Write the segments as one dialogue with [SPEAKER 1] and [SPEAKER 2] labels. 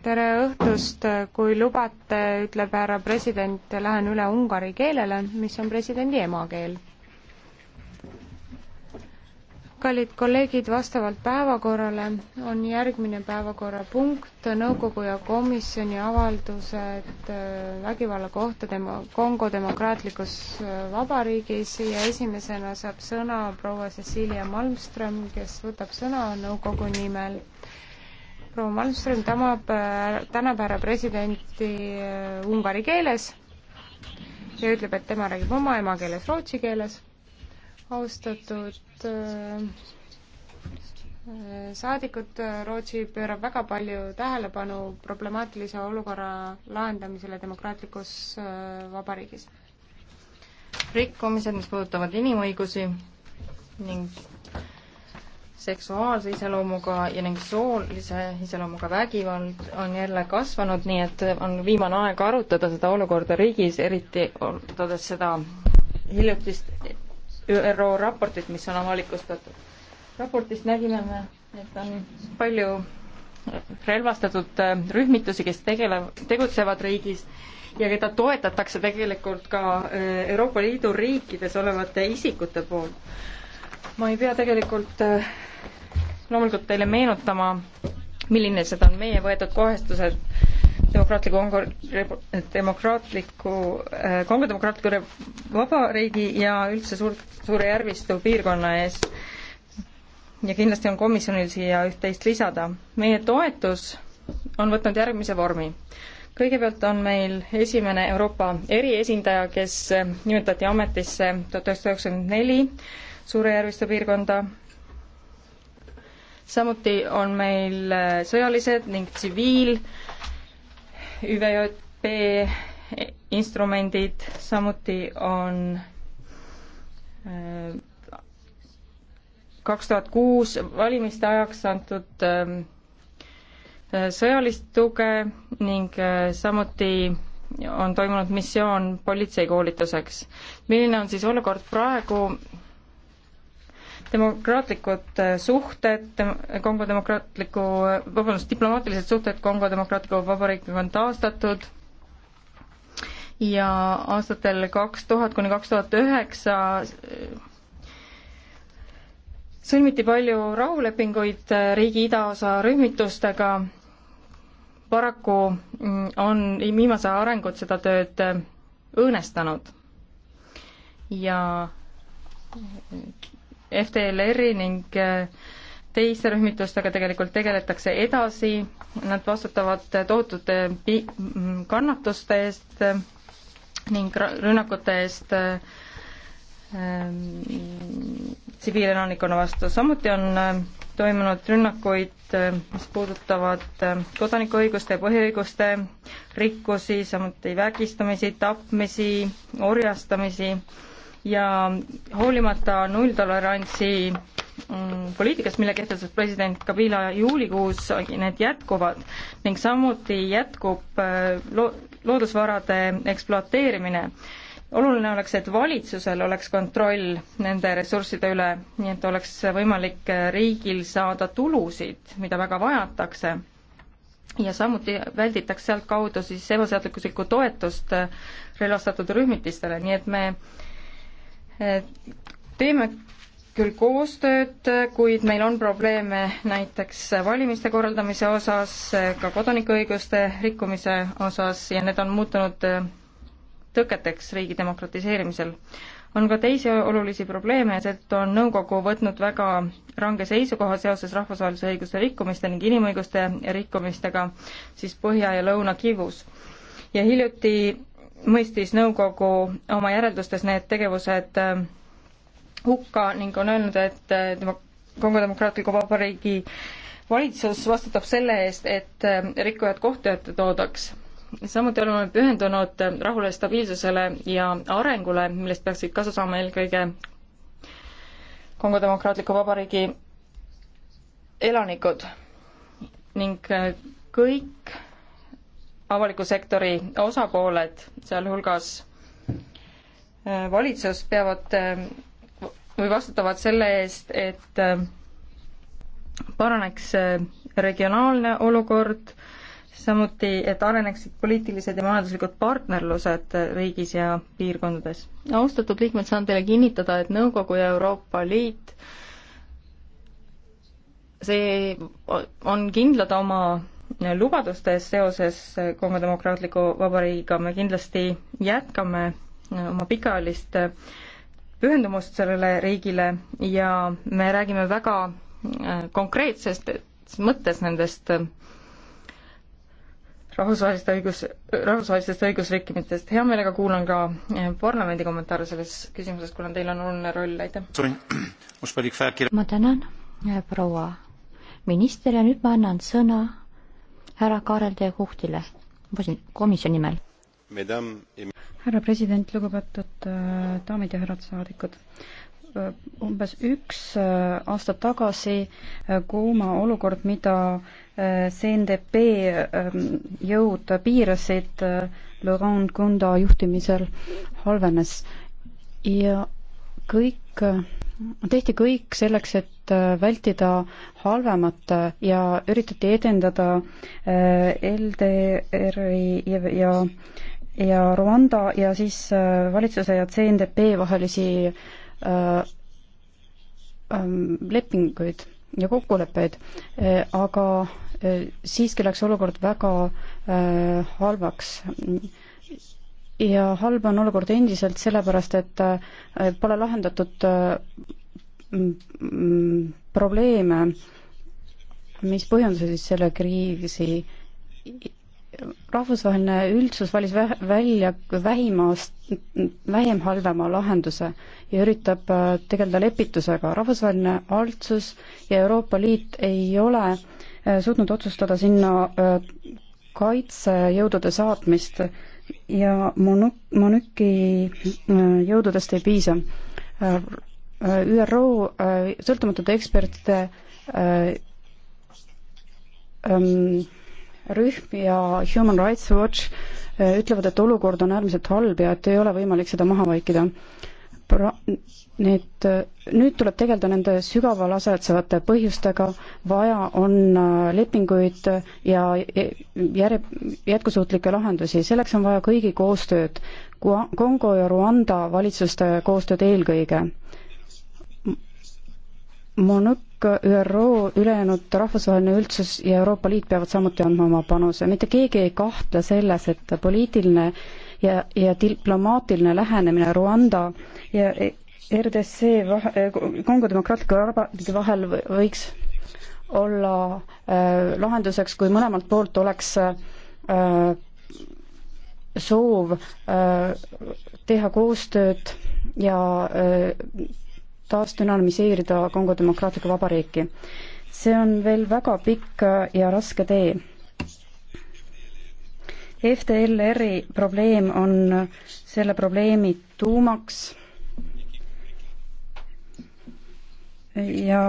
[SPEAKER 1] tere õhtust, kui lubate, ütleb härra president, lähen üle ungari keelele, mis on presidendi emakeel. kallid kolleegid, vastavalt päevakorrale on järgmine päevakorrapunkt nõukogu ja komisjoni avaldused äh, vägivalla kohta demo-, Kongo demokraatlikus äh, vabariigis ja esimesena saab sõna proua Cecilia Malmström, kes võtab sõna nõukogu nimel proua Malmström tänab, tänab härra presidenti äh, ungari keeles ja ütleb, et tema räägib oma emakeeles, rootsi keeles. austatud äh, äh, saadikud, Rootsi pöörab väga palju tähelepanu problemaatilise olukorra lahendamisele demokraatlikus vabariigis. rikkumised, mis puudutavad inimõigusi ning seksuaalse iseloomuga ja ning soolise iseloomuga vägivald on jälle kasvanud, nii et on viimane aeg arutada seda olukorda riigis, eriti arutades seda hiljutist ÜRO raportit, mis on avalikustatud. raportist nägime me, et on palju relvastatud äh, rühmitusi, kes tegelevad, tegutsevad riigis ja keda toetatakse tegelikult ka äh, Euroopa Liidu riikides olevate isikute poolt ma ei pea tegelikult äh, loomulikult teile meenutama, milline seda on meie võetud kohestused demokraatliku äh, Kongo, demokraatliku, Kongo demokraatliku vabariigi ja üldse suur, suure järvistu piirkonna ees. ja kindlasti on komisjonil siia üht-teist lisada. meie toetus on võtnud järgmise vormi. kõigepealt on meil esimene Euroopa eriesindaja, kes nimetati ametisse tuhat üheksasada üheksakümmend neli Suurejärviste piirkonda. samuti on meil äh, sõjalised ning tsiviil ÜVJP instrumendid, samuti on äh, kaks tuhat kuus valimiste ajaks antud ähm, äh, sõjalist tuge ning samuti on toimunud missioon politseikoolituseks. milline on siis olukord praegu demokraatlikud äh, suhted Kongo demokraatliku, äh, vabandust, diplomaatilised suhted Kongo demokraatliku vabariigiga on taastatud ja aastatel kaks tuhat kuni kaks tuhat üheksa äh, sõlmiti palju rahulepinguid riigi idaosa rühmitustega. paraku mm, on viimase arengud seda tööd õõnestanud ja FDLR-i ning äh, teiste rühmitustega tegelikult tegeletakse edasi, nad vastutavad tohutute äh, pi-, mm, kannatuste eest äh, ning rünnakute eest ähm, tsiviilelanikkonna vastu, samuti on toimunud rünnakuid, mis puudutavad kodanikuõiguste ja põhiõiguste rikkusi, samuti vägistamisi, tapmisi, orjastamisi ja hoolimata nulltolerantsi mm, poliitikast, mille kehtestas president Kabila juulikuus, need jätkuvad ning samuti jätkub äh, lo-, loodusvarade ekspluateerimine. oluline oleks, et valitsusel oleks kontroll nende ressursside üle, nii et oleks võimalik riigil saada tulusid, mida väga vajatakse, ja samuti välditaks sealtkaudu siis ebaseaduslikku toetust äh, relvastatud rühmitistele, nii et me äh, teeme küll koostööd, kuid meil on probleeme näiteks valimiste korraldamise osas, ka kodanikuõiguste rikkumise osas ja need on muutunud tõketeks riigi demokratiseerimisel. on ka teisi olulisi probleeme, sealt on nõukogu võtnud väga range seisukoha seoses rahvusvahelise õiguse rikkumiste ning inimõiguste rikkumistega siis Põhja ja Lõuna-Kivus. ja hiljuti mõistis nõukogu oma järeldustes need tegevused äh, hukka ning on öelnud, et äh, Kongo Demokraatliku Vabariigi valitsus vastutab selle eest, et äh, rikkujad kohtu ette toodaks. samuti oleme pühendunud rahule, stabiilsusele ja arengule, millest peaksid kasu saama eelkõige Kongo Demokraatliku Vabariigi elanikud ning kõik avaliku sektori osapooled, sealhulgas äh, valitsus, peavad äh, või vastutavad selle eest, et äh, paraneks regionaalne olukord, samuti, et areneksid poliitilised ja majanduslikud partnerlused riigis ja piirkondades. austatud liikmed, saan teile kinnitada, et Nõukogu ja Euroopa Liit see on kindlad oma lubadustes seoses Kongo Demokraatliku Vabariigiga, me kindlasti jätkame oma pikaajalist pühendumust sellele riigile ja me räägime väga äh, konkreetsest mõttes nendest äh, rahvusvahelist õigus, rahvusvahelistest õigusrikkimistest. hea meelega kuulan ka äh, parlamendi kommentaare selles küsimuses, kuna teil on oluline roll, aitäh.
[SPEAKER 2] ma tänan, proua minister ja nüüd ma annan sõna härra Karel De Huhtile, komisjoni nimel. härra president, lugupeetud äh,
[SPEAKER 3] daamid ja härrad saadikud äh, umbes üks äh, aasta tagasi kuuma olukord, mida CNDP ähm, jõud piirasid Laurent Kunda juhtimisel, halvenes ja kõik, tehti kõik selleks, et äh, vältida halvemat äh, ja üritati edendada äh, LDR-i ja, ja ja Rwanda ja siis valitsuse ja CNDP vahelisi äh, ähm, lepinguid ja kokkuleppeid, aga siiski läks olukord väga halvaks ja halb on olukord endiselt sellepärast, et pole lahendatud äh, probleeme, mis põhjendasid selle kriisi. rahvusvaheline üldsus valis vä-, välja vähima, vähim halvema lahenduse ja üritab äh, tegeleda lepitusega. rahvusvaheline altsus ja Euroopa Liit ei ole äh, suutnud otsustada sinna kaitsejõudude saatmist ja Monuk-, Monuki äh, jõududest ei piisa. Äh, ÜRO äh, sõltumatute ekspertide ähm, rühm ja Human Rights Watch ütlevad, et olukord on äärmiselt halb ja et ei ole võimalik seda maha vaikida pra-, need, nüüd tuleb tegeleda nende sügaval asetsevate põhjustega, vaja on äh, lepinguid ja e-, järje, jätkusuutlikke lahendusi, selleks on vaja kõigi koostööd, Kongo ja Rwanda valitsuste koostööd eelkõige. Monuk, ÜRO, ülejäänud rahvusvaheline üldsus ja Euroopa Liit peavad samuti andma oma panuse, mitte keegi ei kahtle selles, et poliitiline äh, ja, ja diplomaatiline lähenemine Rwanda ja RDC vahe, eh, Kongo demokraatliku vabariigi vahel võiks olla äh, lahenduseks, kui mõlemalt poolt oleks äh, soov äh, teha koostööd ja äh, taasdünamiseerida Kongo demokraatlikku vabariiki. see on veel väga pikk ja raske tee FDLR-i probleem on selle probleemi tuumaks ja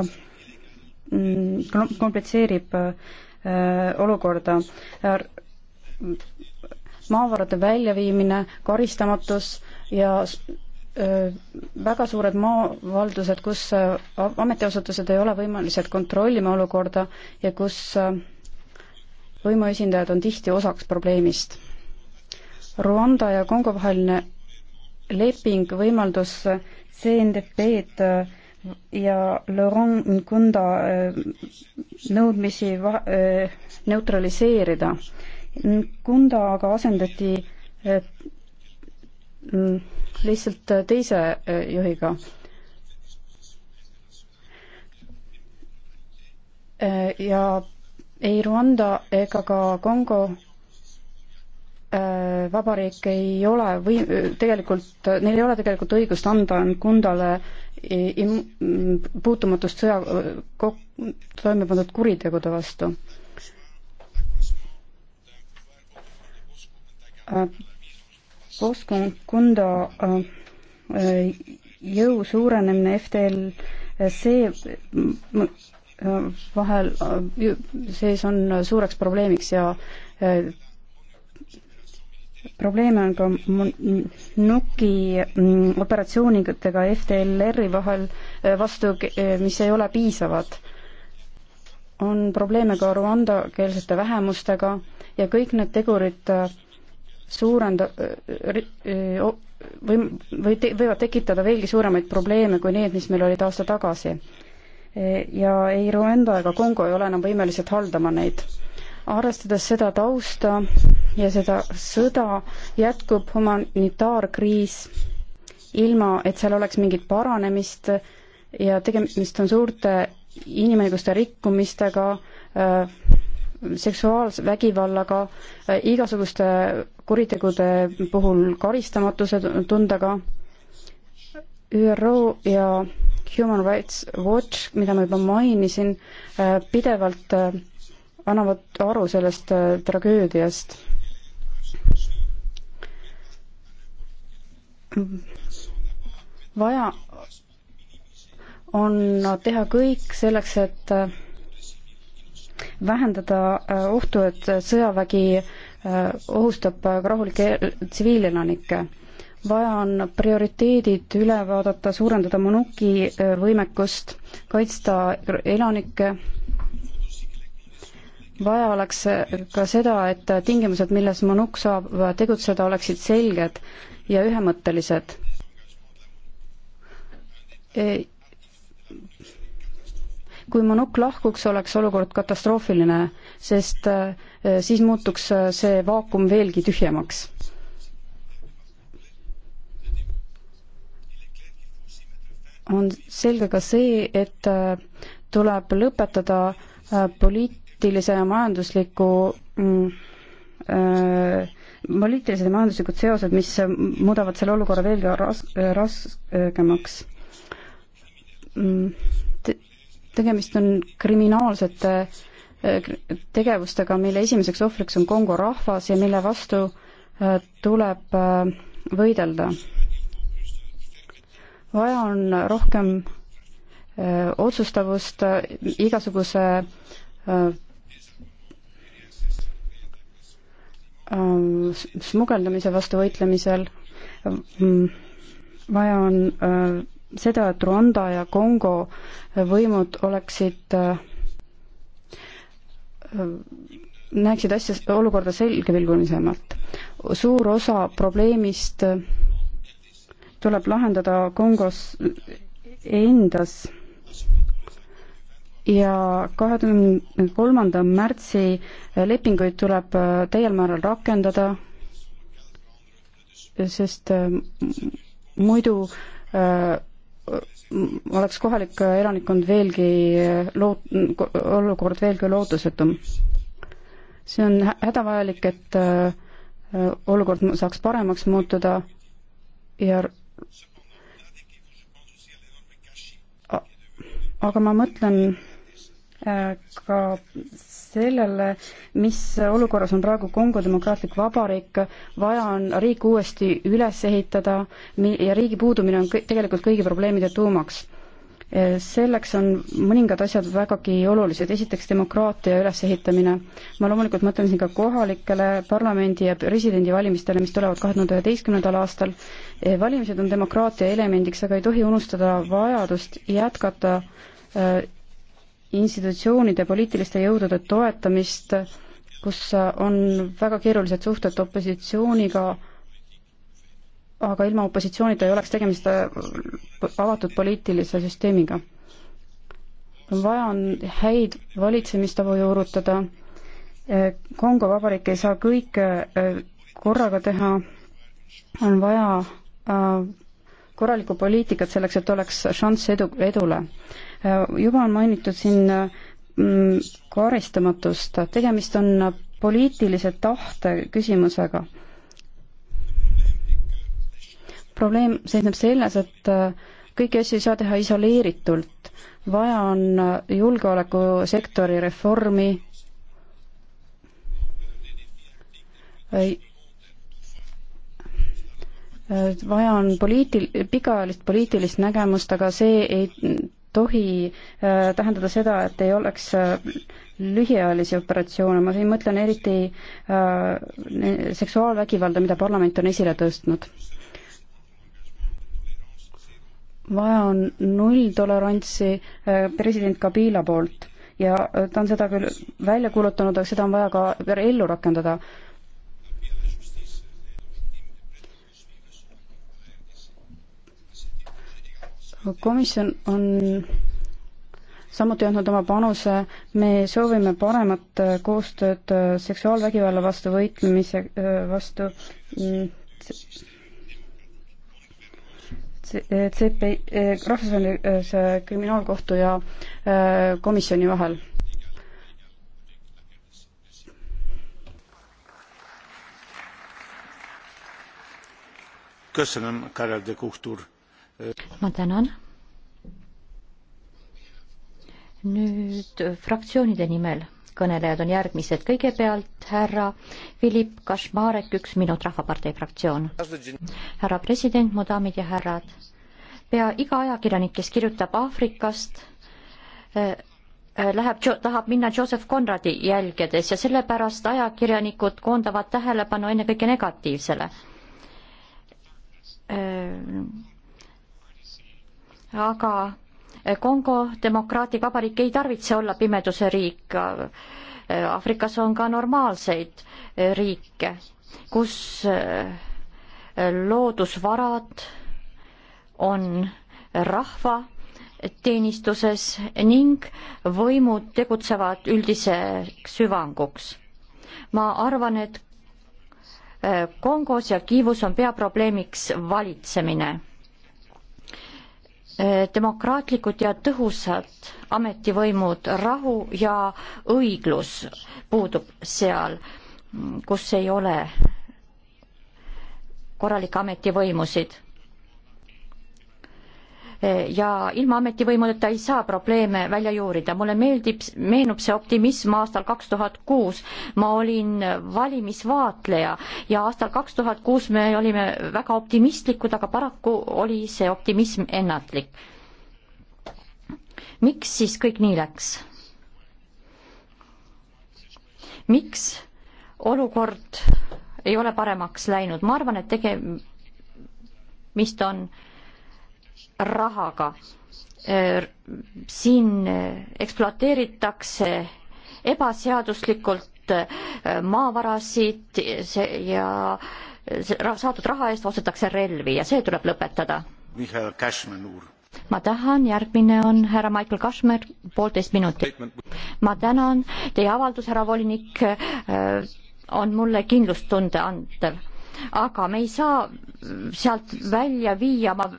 [SPEAKER 3] mm, komplitseerib äh, olukorda. maavarade väljaviimine, karistamatus ja äh, väga suured maavaldused, kus äh, ametiasutused ei ole võimelised kontrollima olukorda ja kus äh, võimuesindajad on tihti osaks probleemist. Rwanda ja Kongo vaheline leping võimaldas CNDP-d äh, ja Laurent Nkunda äh, nõudmisi äh, neutraliseerida. Nkunda aga asendati mm, lihtsalt teise juhiga. ja ei Rwanda ega ka Kongo äh, vabariik ei ole või tegelikult, neil ei ole tegelikult õigust anda Nkundale puutumatust sõja toime pandud kuritegude vastu. Äh, Bosco Nkunda äh, jõu suurenemine FTL, see vahel äh, sees on suureks probleemiks ja äh, probleeme on ka nuki mm, operatsioonidega FDLR-i vahel äh, vastu, mis ei ole piisavad. on probleeme ka ruandakeelsete vähemustega ja kõik need tegurid suurenda-, või, või te, võivad tekitada veelgi suuremaid probleeme kui need, mis meil olid aasta tagasi ja ei Rwanda ega Kongo ei ole enam võimelised haldama neid. arvestades seda tausta ja seda sõda, jätkub humanitaarkriis ilma, et seal oleks mingit paranemist ja tegemist on suurte inimõiguste rikkumistega, äh, seksuaalse vägivallaga, äh, igasuguste kuritegude puhul karistamatuse tundega. ÜRO ja Human Rights Watch, mida ma juba mainisin, äh, pidevalt äh, annavad aru sellest äh, tragöödiast. vaja on teha kõik selleks, et vähendada ohtu, et sõjavägi ohustab rahulikke tsiviilelanikke vaja on prioriteedid üle vaadata, suurendada Manuki äh, võimekust, kaitsta elanikke, vaja oleks äh, ka seda, et tingimused, milles Manuk saab äh, tegutseda, oleksid selged ja ühemõttelised e kui Manuk lahkuks, oleks olukord katastroofiline, sest siis muutuks see vaakum veelgi tühjemaks. on selge ka see, et äh, tuleb lõpetada äh, poliitilise ja majandusliku mm, äh, poliitilised ja majanduslikud seosed, mis muudavad selle olukorra veelgi ras-, raskemaks mm, Te,. tegemist on kriminaalsete tegevustega, mille esimeseks ohvriks on Kongo rahvas ja mille vastu tuleb võidelda vaja on rohkem öö, äh, otsustavust äh, igasuguse öö, äh, smugeldamise vastu võitlemisel. Mm, vaja on seda, et Rwanda ja Kongo võimud oleksid, näeksid asja, olukorda selgepilgulisemalt. suur osa probleemist tuleb lahendada Kongos endas ja kahekümne kolmanda märtsi lepinguid tuleb äh, täiel määral rakendada, sest äh, muidu äh, oleks kohalik elanikkond veelgi loot-, olukord veelgi lootusetum. see on hädavajalik, et olukord saaks paremaks muutuda ja aga ma mõtlen äh, ka sellele, mis olukorras on praegu Kongo Demokraatlik Vabariik, vaja on riik uuesti üles ehitada ja riigi puudumine on tegelikult kõigi probleemide tuumaks selleks on mõningad asjad vägagi olulised, esiteks demokraatia ülesehitamine. ma loomulikult mõtlen siin ka kohalikele parlamendi ja presidendivalimistele, mis tulevad kahe tuhande üheteistkümnendal aastal. Eh, valimised on demokraatia elemendiks, aga ei tohi unustada vajadust jätkata eh, institutsioonide, poliitiliste jõudude toetamist, kus eh, on väga keerulised suhted opositsiooniga aga ilma opositsioonita ei oleks tegemist äh, avatud poliitilise süsteemiga. vaja on häid valitsemistavu juurutada, äh, Kongo Vabariik ei saa kõike äh, korraga teha, on vaja korralikku poliitikat selleks, et oleks šanss edu, edule. juba on mainitud siin mm, karistamatust, tegemist on poliitilise tahte küsimusega probleem seisneb selles, et äh, kõiki asju ei saa teha isoleeritult. vaja on äh, julgeolekusektori reformi, äh, vaja on poliitil-, pikaajalist poliitilist nägemust, aga see ei tohi tähendada seda, et ei oleks lühiajalisi operatsioone, ma siin mõtlen eriti seksuaalvägivalda, mida parlament on esile tõstnud vaja on nulltolerantsi äh, president Kabila poolt ja äh, ta on seda küll välja kuulutanud, aga seda on vaja ka ellu rakendada. komisjon on samuti andnud oma panuse, me soovime paremat äh, koostööd seksuaalvägivalla vastu võitlemise vastu mm, CP, eh, eh, Rahvusvahelise Kriminaalkohtu ja eh, komisjoni vahel
[SPEAKER 2] ma tänan. nüüd fraktsioonide nimel kõnelejad on järgmised, kõigepealt härra Philipp Kašmarek, üks minut, Rahvapartei fraktsioon. härra president, mu daamid ja härrad, pea iga ajakirjanik, kes kirjutab Aafrikast, eh, eh, läheb, tahab minna Joseph Conradi jälgedes ja sellepärast ajakirjanikud koondavad tähelepanu ennekõike negatiivsele. Eh, aga Kongo Demokraatlik Vabariik ei tarvitse olla pimeduse riik Aafrikas on ka normaalseid riike, kus äh, loodusvarad on rahva teenistuses ning võimud tegutsevad üldiseks hüvanguks. ma arvan, et äh, Kongos ja Kiivus on peaprobleemiks valitsemine Eh, demokraatlikud ja tõhusad ametivõimud, rahu ja õiglus puudub seal, kus ei ole korralikke ametivõimusid ja ilma ametivõimudeta ei saa probleeme välja juurida. mulle meeldib, meenub see optimism aastal kaks tuhat kuus. ma olin valimisvaatleja ja aastal kaks tuhat kuus me olime väga optimistlikud, aga paraku oli see optimism ennatlik. miks siis kõik nii läks? miks olukord ei ole paremaks läinud, ma arvan, et tegemist on äh, rahaga. Äh, siin äh, ekspluateeritakse ebaseaduslikult äh, maavarasid ja saadud raha eest ostetakse relvi ja see tuleb lõpetada. Mihhail Kašmanur ma tahan, järgmine on härra Michael Kašmer, poolteist minutit. ma tänan, teie avaldus, härra volinik, on mulle kindlustunde andev, aga me ei saa sealt välja viia oma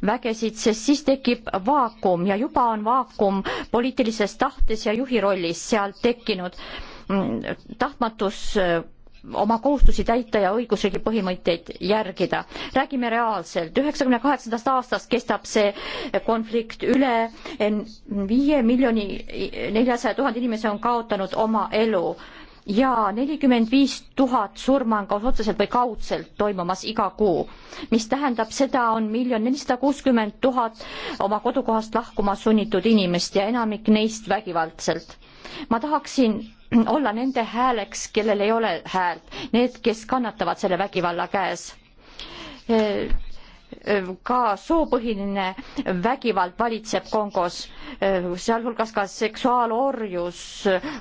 [SPEAKER 2] vägesid, sest siis tekib vaakum ja juba on vaakum poliitilises tahtes ja juhi rollis seal tekkinud mm, tahtmatus äh, oma kohustusi täita ja õigusriigi põhimõtteid järgida. räägime reaalselt, üheksakümne kaheksandast aastast kestab see konflikt üle viie miljoni neljasaja tuhande inimese on kaotanud oma elu ja nelikümmend viis tuhat surma on kas otseselt või kaudselt toimumas iga kuu, mis tähendab, seda on miljon nelisada kuuskümmend tuhat oma kodukohast lahkuma sunnitud inimest ja enamik neist vägivaldselt. ma tahaksin olla nende hääleks, kellel ei ole häält, need, kes kannatavad selle vägivalla käes ka soopõhiline vägivald valitseb Kongos, sealhulgas ka seksuaalorjus,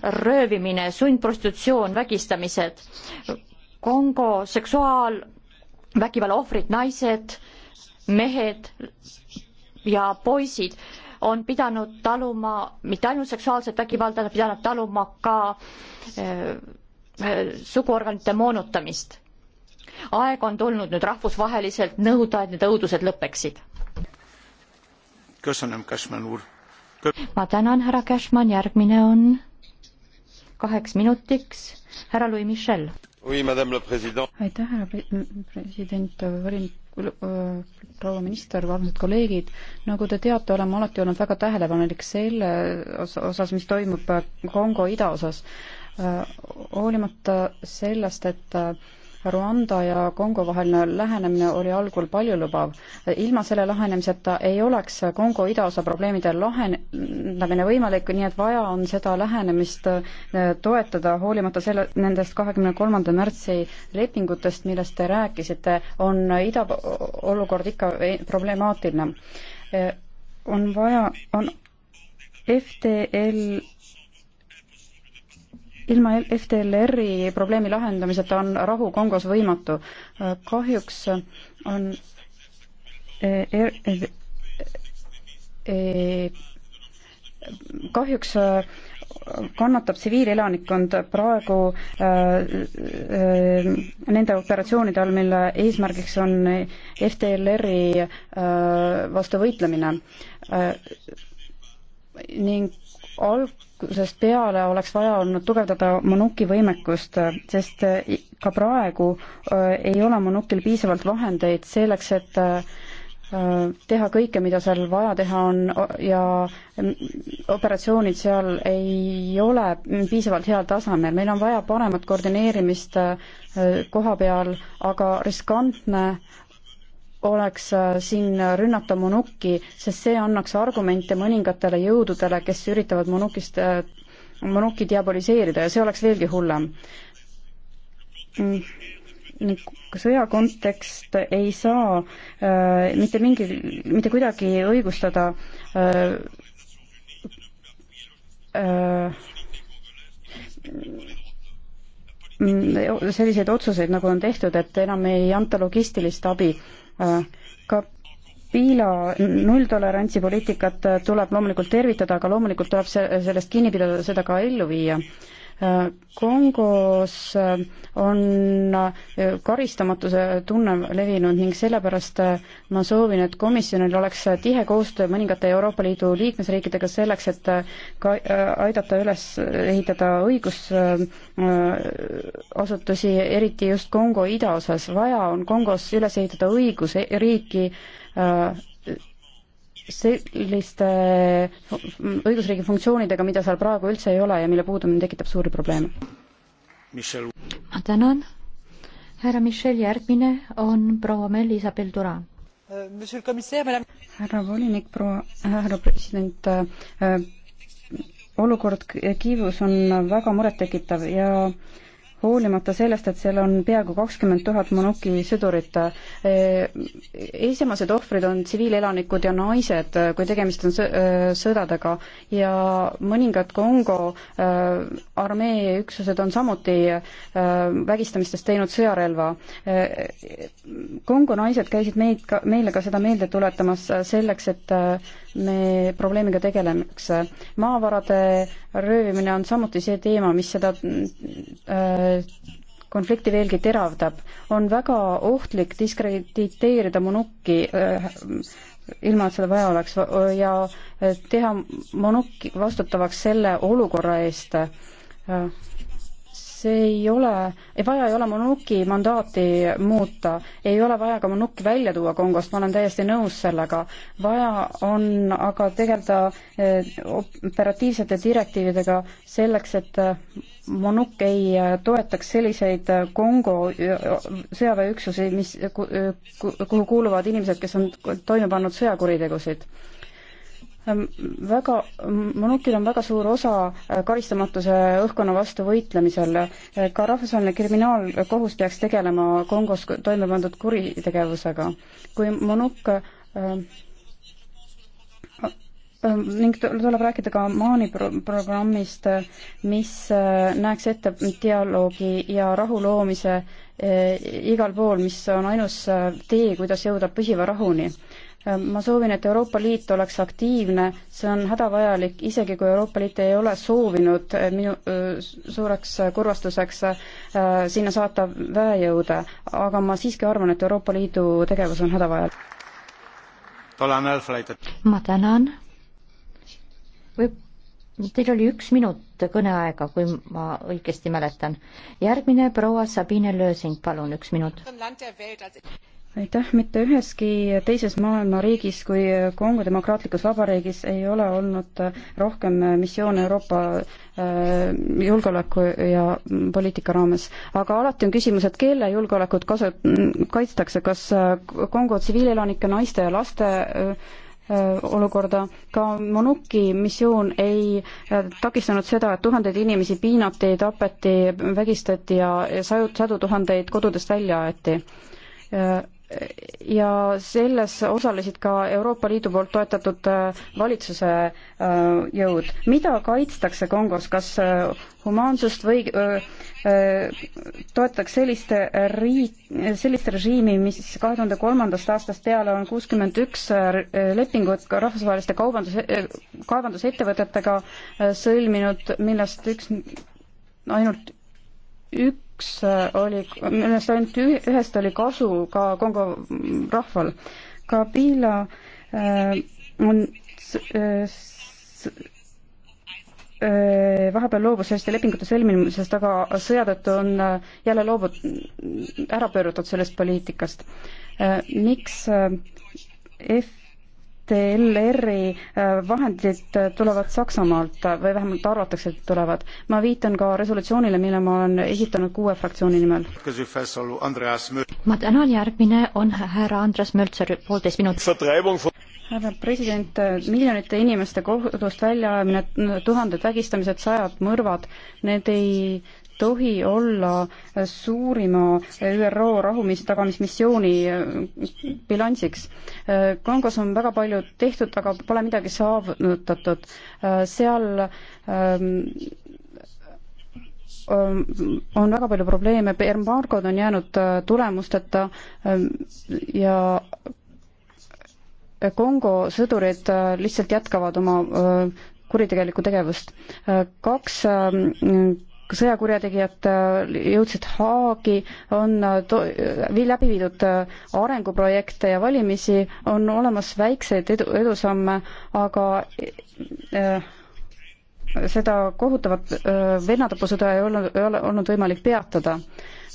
[SPEAKER 2] röövimine, sundprostitutsioon, vägistamised. Kongo seksuaalvägivalla ohvrid, naised, mehed ja poisid on pidanud taluma mitte ainult seksuaalset vägivalda, nad pidanud taluma ka äh, suguorganite moonutamist aeg on tulnud nüüd rahvusvaheliselt nõuda, et need õudused lõpeksid. ma tänan, härra Cashman, järgmine on kaheks minutiks härra Louis Michel.
[SPEAKER 1] aitäh,
[SPEAKER 3] härra president, volinik proua minister, armsad kolleegid, nagu te teate, oleme alati olnud väga tähelepanelik selle osas, mis toimub Kongo idaosas. hoolimata sellest, et Rwanda ja Kongo vaheline lähenemine oli algul paljulubav. ilma selle lahenemiseta ei oleks Kongo idaosa probleemide lahendamine võimalik, nii et vaja on seda lähenemist äh, toetada, hoolimata selle, nendest kahekümne kolmanda märtsi lepingutest, millest te rääkisite, on ida olukord ikka problemaatiline. Äh, on vaja, on FTL ilma FDLR-i probleemi lahendamiseta on rahu Kongos võimatu. kahjuks on er, er, er, kahjuks kannatab tsiviilelanikkond praegu äh, nende operatsioonide all, mille eesmärgiks on FDLR-i äh, e, vastu võitlemine äh, ning algusest peale oleks vaja olnud tugevdada Manuki võimekust, sest ka praegu äh, ei ole Manukil piisavalt vahendeid selleks, et äh, teha kõike, mida seal vaja teha on ja mm, operatsioonid seal ei ole piisavalt heal tasemel, meil on vaja paremat koordineerimist äh, koha peal, aga riskantne oleks äh, siin rünnata Monuki, sest see annaks argumente mõningatele jõududele, kes üritavad Monukist, äh, Monuki diaboliseerida ja see oleks veelgi hullem. Mm. sõja kontekst ei saa äh, mitte mingi, mitte kuidagi õigustada äh, äh, selliseid otsuseid, nagu on tehtud, et enam ei anta logistilist abi äh, Äh, ka piila nulltolerantsi poliitikat tuleb loomulikult tervitada, aga loomulikult tuleb sellest kinni pidada, seda ka ellu viia. Kongos äh, on äh, karistamatuse tunne levinud ning sellepärast äh, ma soovin, et komisjonil oleks tihe koostöö mõningate Euroopa Liidu liikmesriikidega selleks, et ka aidata üles ehitada õigusasutusi, eriti just Kongo idaosas. vaja on Kongos üles ehitada õigusriiki selliste õigusriigi funktsioonidega, mida seal praegu
[SPEAKER 2] üldse ei ole ja mille puudumine tekitab suuri probleeme. ma tänan. härra Michel, järgmine on proua Melli Isabel Dura. härra volinik, proua, äh, härra
[SPEAKER 3] president äh,, olukord Kiivus on väga murettekitav ja äh, hoolimata sellest, et seal on peaaegu kakskümmend tuhat Monoki sõdurit. Eh, esimesed ohvrid on tsiviilelanikud ja naised, kui tegemist on eh, sõdadega ja mõningad Kongo eh, armee üksused on samuti vägistamistest teinud sõjarelva. Kongo naised käisid meid ka, meile ka seda meelde tuletamas selleks, et me probleemiga tegelemeks. maavarade röövimine on samuti see teema, mis seda äh, konflikti veelgi teravdab. on väga ohtlik diskrediteerida monukki äh, ilma, et seda vaja oleks ja äh, teha monukki vastutavaks selle olukorra eest see ei ole, vaja ei ole Monuki mandaati muuta, ei ole vaja ka Monuki välja tuua Kongost, ma olen täiesti nõus sellega. vaja on aga tegeleda eh, operatiivsete direktiividega selleks, et eh, Monuk ei eh, toetaks selliseid Kongo sõjaväeüksusi, mis, kuhu kuuluvad inimesed, kes on toime pannud sõjakuritegusid Ehm, väga, monuklil on väga suur osa äh, karistamatuse õhkkonna vastu võitlemisel. Äh, ka rahvusvaheline kriminaalkohus peaks tegelema Kongos toime pandud kuritegevusega. kui monuk äh, ning tuleb rääkida ka Maani pro programmist, mis näeks ette dialoogi ja rahu loomise igal pool, mis on ainus tee, kuidas jõuda püsiva rahuni Äh, ma soovin, et Euroopa Liit oleks aktiivne, see on hädavajalik, isegi kui Euroopa Liit ei ole soovinud äh, minu äh, suureks kurvastuseks sinna saata väejõude, aga ma siiski arvan, et Euroopa Liidu tegevus on hädavajalik.
[SPEAKER 2] ma tänan. võib, teil oli üks minut kõneaega, kui ma õigesti mäletan. järgmine proua Sabine Lösing, palun, üks minut aitäh, mitte üheski teises maailma riigis
[SPEAKER 3] kui Kongo Demokraatlikus Vabariigis ei ole olnud rohkem missioone Euroopa äh, julgeoleku ja poliitika raames. aga alati on küsimus, et kelle julgeolekut kasu-, kaitstakse, kas äh, Kongo tsiviilelanike, naiste ja laste äh, olukorda. ka Monuki missioon ei takistanud seda, et tuhandeid inimesi piinati, tapeti, vägistati ja saju, sadu tuhandeid kodudest välja aeti ja selles osalesid ka Euroopa Liidu poolt toetatud äh, valitsuse äh, jõud. mida kaitstakse Kongos, kas äh, humaansust või toetaks sellist riik, sellist režiimi, mis kahe tuhande kolmandast aastast peale on kuuskümmend üks lepingut ka rahvusvaheliste kaubandus, kaevandusettevõtetega sõlminud, millest üks, ainult üks üks äh, oli, millest ainult ühest oli kasu ka Kongo rahval. Kabila äh, on äh, äh, vahepeal loobus selliste lepingute sõlmimisest, aga sõja tõttu on äh, jälle loobut-, ära pööratud sellest poliitikast. miks F ETLR-i äh, vahendid tulevad Saksamaalt äh, või vähemalt arvatakse, et tulevad. ma viitan ka resolutsioonile, mille ma olen esitanud kuue fraktsiooni nimel. ma tänan, järgmine on härra Andres Möltser,
[SPEAKER 2] poolteist minutit
[SPEAKER 3] härra president, miljonite inimeste kodust väljaajamine, tuhanded vägistamised, sajad mõrvad, need ei tohi olla suurima ÜRO rahumistagamismissiooni bilansiks. Kongos on väga palju tehtud, aga pole midagi saavutatud. seal ähm, ähm, on väga palju probleeme, embargod on jäänud äh, tulemusteta ähm, ja Kongo sõdurid äh, lihtsalt jätkavad oma äh, kuritegelikku tegevust. kaks sõjakurjategijad äh, jõudsid Haagi, on äh, to-, läbi viidud äh, arenguprojekte ja valimisi, on olemas väikseid edu, edusamme, aga äh, seda kohutavat äh, vennatapusõda ei olnud, ei ole olnud võimalik peatada.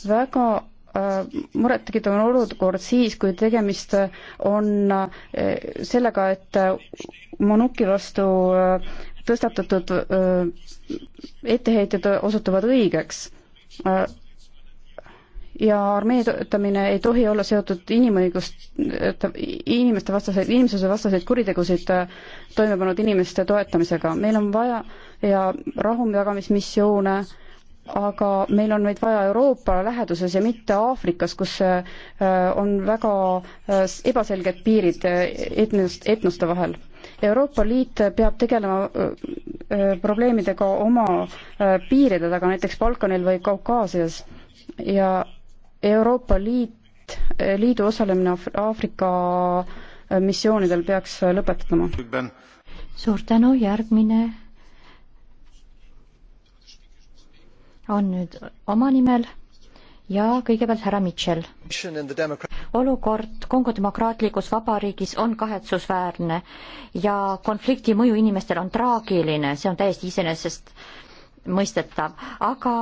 [SPEAKER 3] väga murettekitav on olukord siis, kui tegemist on sellega, et Manuki vastu tõstatatud etteheited osutuvad õigeks ja armee toetamine ei tohi olla seotud inimõigust, inimeste vastaseid, inimsuse vastaseid kuritegusid toime pannud inimeste toetamisega. meil on vaja ja rahumjagamismissioone, aga meil on neid vaja Euroopa läheduses ja mitte Aafrikas, kus on väga ebaselged piirid etnist, etnuste vahel Euroopa Liit peab tegelema probleemidega oma piiride taga, näiteks Balkanil või Kaukaasias ja Euroopa Liit, liidu osalemine Aafrika missioonidel peaks lõpetatama.
[SPEAKER 2] suur tänu, järgmine on nüüd oma nimel ja kõigepealt härra Mitchell olukord Kongo demokraatlikus vabariigis on kahetsusväärne ja konflikti mõju inimestel on traagiline, see on täiesti iseenesest mõistetav, aga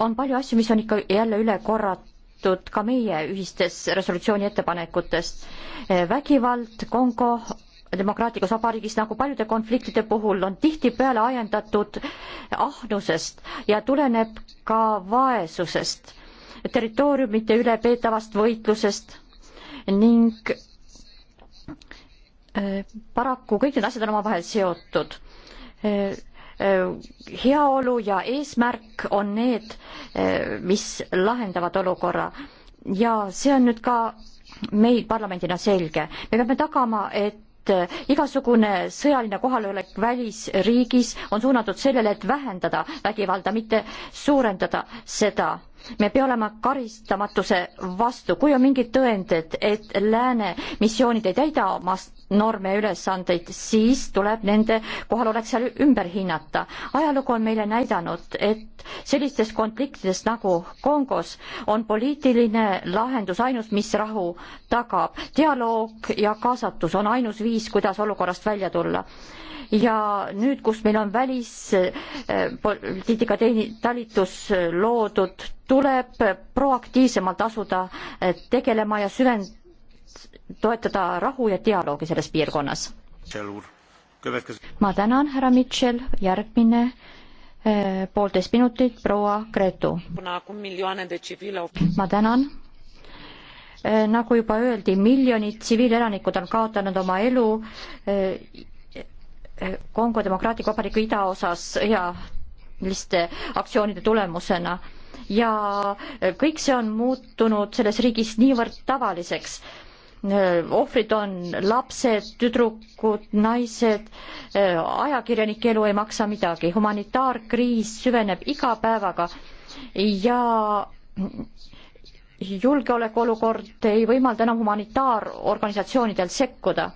[SPEAKER 2] on palju asju, mis on ikka jälle üle korratud ka meie ühistes resolutsiooni ettepanekutest. vägivald Kongo demokraatlikus vabariigis nagu paljude konfliktide puhul on tihtipeale ajendatud ahnusest ja tuleneb ka vaesusest, territooriumite üle peetavast võitlusest ning äh, paraku kõik need asjad on omavahel seotud. Äh, äh, heaolu ja eesmärk on need, mis lahendavad olukorra ja see on nüüd ka meil parlamendina selge. me peame tagama, et et äh, igasugune sõjaline kohalolek välisriigis on suunatud sellele, et vähendada vägivalda, mitte suurendada seda. me peame olema karistamatuse vastu, kui on mingid tõendid, et Lääne missioonid ei täida omast norme ja ülesandeid, siis tuleb nende kohalolek seal ümber hinnata. ajalugu on meile näidanud, et sellistes konfliktides nagu Kongos on poliitiline lahendus ainus, mis rahu tagab. dialoog ja kaasatus on ainus viis, kuidas olukorrast välja tulla ja nüüd, kus meil on välispoliitika talitus loodud, tuleb proaktiivsemalt asuda tegelema ja süvendama toetada rahu ja dialoogi selles piirkonnas. ma tänan, härra Mitchell, järgmine eh, poolteist minutit, proua Gretu. ma tänan. Eh, nagu juba öeldi, miljonid tsiviilelanikud on kaotanud oma elu eh, Kongo Demokraatliku Vabariigi idaosas sõjaliste aktsioonide tulemusena ja kõik see on muutunud selles riigis niivõrd tavaliseks ohvrid on lapsed, tüdrukud, naised, ajakirjanike elu ei maksa midagi, humanitaarkriis süveneb iga päevaga ja julgeolekuolukord ei võimalda enam humanitaarorganisatsioonidel sekkuda.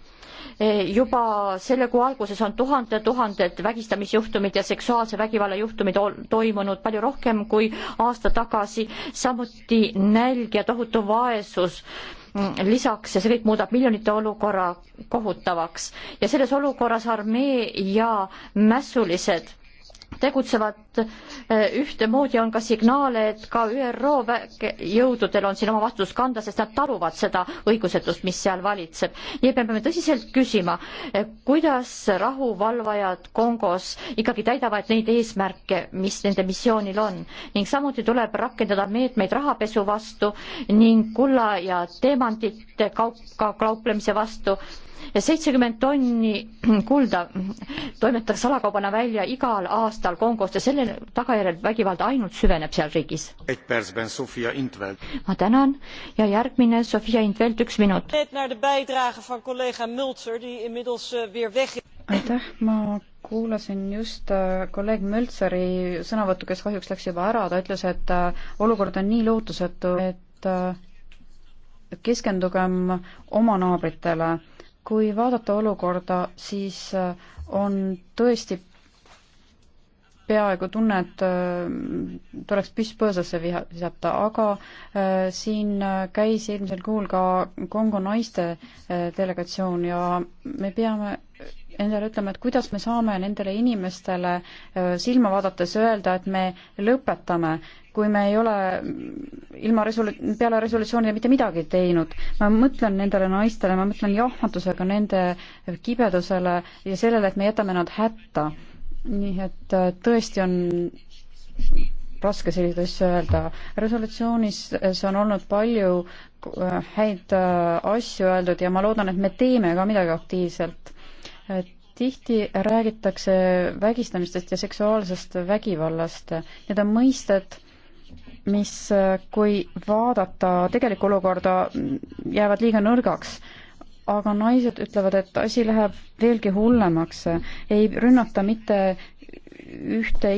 [SPEAKER 2] juba selle kuu alguses on tuhanded-tuhanded vägistamisjuhtumid ja seksuaalse vägivalla juhtumid toimunud palju rohkem kui aasta tagasi, samuti nälg ja tohutu vaesus äh, lisaks ja see kõik muudab miljonite olukorra kohutavaks ja selles olukorras armee ja mässulised tegutsevad eh, ühtemoodi, on ka signaale, et ka ÜRO jõududel on siin oma vastutus kanda, sest nad taluvad seda õigusetust, mis seal valitseb. nii et me peame tõsiselt küsima, eh, kuidas rahuvalvajad Kongos ikkagi täidavad neid eesmärke, mis nende missioonil on ning samuti tuleb rakendada meetmeid rahapesu vastu ning kulla ja teemantite kaup ka kauplemise vastu seitsekümmend tonni kulda toimetatakse salakaubana välja igal aastal Kongost ja selle tagajärjel vägivald ainult süveneb seal riigis. ma tänan ja järgmine Sofia Intvelt, üks minut.
[SPEAKER 1] Eh,
[SPEAKER 3] aitäh, ma kuulasin just eh, kolleeg Möltseri sõnavõttu, kes kahjuks läks juba ära, ta ütles, et eh, olukord on nii lootusetu, et keskendugem oma naabritele kui vaadata olukorda, siis äh, on tõesti peaaegu tunne, et äh, tuleks püss põõsasse visata, aga äh, siin äh, käis eelmisel kuul ka Kongo naiste äh, delegatsioon ja me peame endale ütlema, et kuidas me saame nendele inimestele äh, silma vaadates öelda, et me lõpetame kui me ei ole ilma resolu-, peale resolutsioonile mitte midagi teinud. ma mõtlen nendele naistele, ma mõtlen jahmatusega nende kibedusele ja sellele, et me jätame nad hätta. nii et äh, tõesti on raske selliseid asju öelda. resolutsioonis äh, see on olnud palju äh, häid asju öeldud ja ma loodan, et me teeme ka midagi aktiivselt. et tihti räägitakse vägistamistest ja seksuaalsest vägivallast. Need on mõisted, mis, kui vaadata tegelikku olukorda, jäävad liiga nõrgaks. aga naised ütlevad, et asi läheb veelgi hullemaks, ei rünnata mitte ühte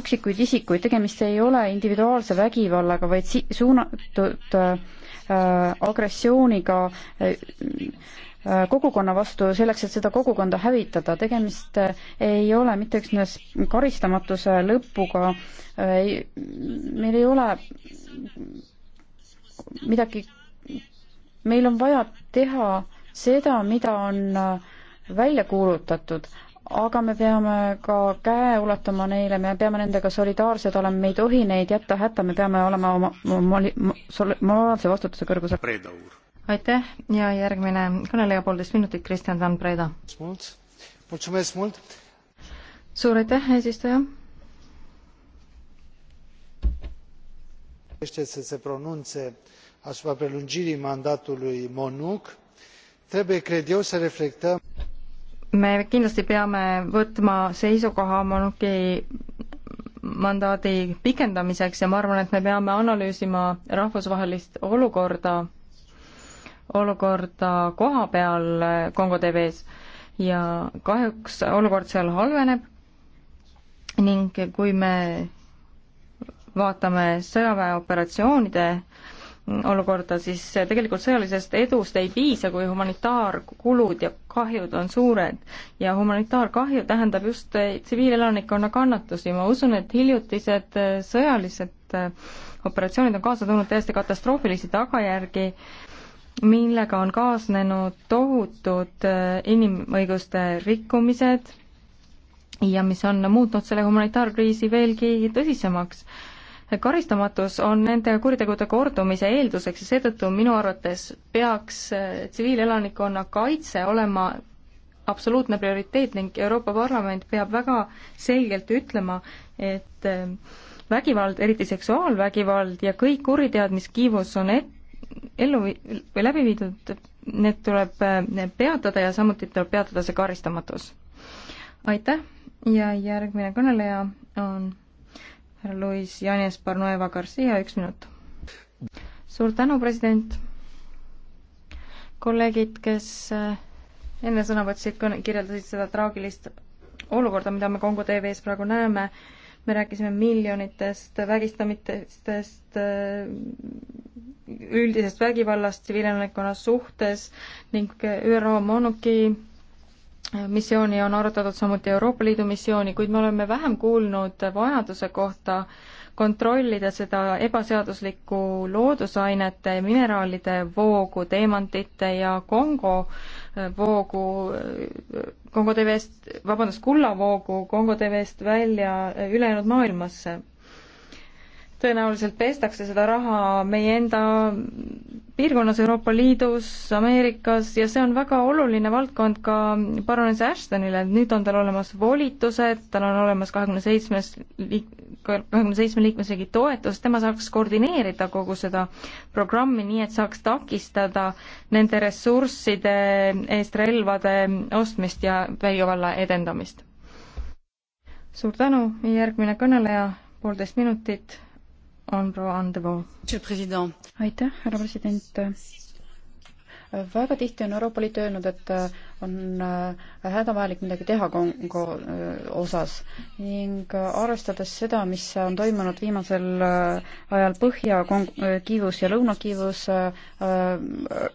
[SPEAKER 3] üksikuid isikuid, tegemist ei ole individuaalse vägivallaga, vaid si-, suunatud äh, agressiooniga äh, kogukonna vastu selleks, et seda kogukonda hävitada. tegemist ei ole mitte üksnes karistamatuse lõpuga, meil ei ole midagi, meil on vaja teha seda, mida on välja kuulutatud, aga me peame ka käe ulatama neile, me peame nendega solidaarsed olema, me ei tohi neid jätta hätta, me peame olema oma moraalse vastutuse kõrgusel
[SPEAKER 1] aitäh ja järgmine kõneleja poolteist minutit, Kristjan Tanbreda. suur aitäh, eesistuja. să se pronune
[SPEAKER 2] asupra prelungirii mandatului monuc trebuie cred eu să reflectăm
[SPEAKER 1] me kindlasti peame võtma seisukoha monuci mandaadi pikendamiseks ja ma arvan, et me peame analüüsima rahvusvahelist olukorda olukorda koha peal Kongo TV-s ja kahjuks olukord seal halveneb ning kui me vaatame sõjaväeoperatsioonide olukorda, siis tegelikult sõjalisest edust ei piisa, kui humanitaarkulud ja kahjud on suured. ja humanitaarkahju tähendab just tsiviilelanikkonna kannatusi, ma usun, et hiljutised sõjalised operatsioonid on kaasa toonud täiesti katastroofilisi tagajärgi äh, millega on kaasnenud tohutud äh, inimõiguste rikkumised ja mis on muutnud selle humanitaarkriisi veelgi tõsisemaks. karistamatus on nende kuritegude kordumise eelduseks ja seetõttu minu arvates peaks äh, tsiviilelanikkonna kaitse olema absoluutne prioriteet ning Euroopa Parlament peab väga selgelt ütlema, et äh, vägivald, eriti seksuaalvägivald ja kõik kuritead, mis kiivus on ette ellu või läbi viidud, need tuleb eh, peatada ja samuti tuleb peatada see karistamatus. aitäh ja järgmine kõneleja on härra Luis Janes Barnueva Garcia, üks minut. suur tänu, president. kolleegid, kes eh, enne sõna võtsid, kirjeldasid seda traagilist olukorda, mida me Kongo TV-s praegu näeme me rääkisime miljonitest vägistamistest, üldisest vägivallast tsiviilelanikkonna suhtes ning ÜRO Monuki missiooni on arutatud samuti Euroopa Liidu missiooni, kuid me oleme vähem kuulnud vajaduse kohta kontrollida seda ebaseaduslikku loodusainete ja mineraalide voogu teemantide ja Kongo voogu Kongo TV-st, vabandust, kullavoogu Kongo TV-st välja ülejäänud maailmasse tõenäoliselt pestakse seda raha meie enda piirkonnas, Euroopa Liidus, Ameerikas ja see on väga oluline valdkond ka paranes Ashtonile, et nüüd on tal olemas volitused, tal on olemas kahekümne seitsmes liik-, kahekümne seitsme liikmesriigi toetus, tema saaks koordineerida kogu seda programmi nii, et saaks takistada nende ressursside eest relvade ostmist ja vägivalla edendamist. suur tänu, järgmine kõneleja,
[SPEAKER 3] poolteist minutit on proua Andevoo. aitäh, härra president. väga tihti on Euroopa Liit öelnud, et äh, on äh, hädavajalik midagi teha Kongo äh, osas ning arvestades seda, mis on toimunud viimasel ajal Põhja-Kiivus ja Lõuna-Kiivus,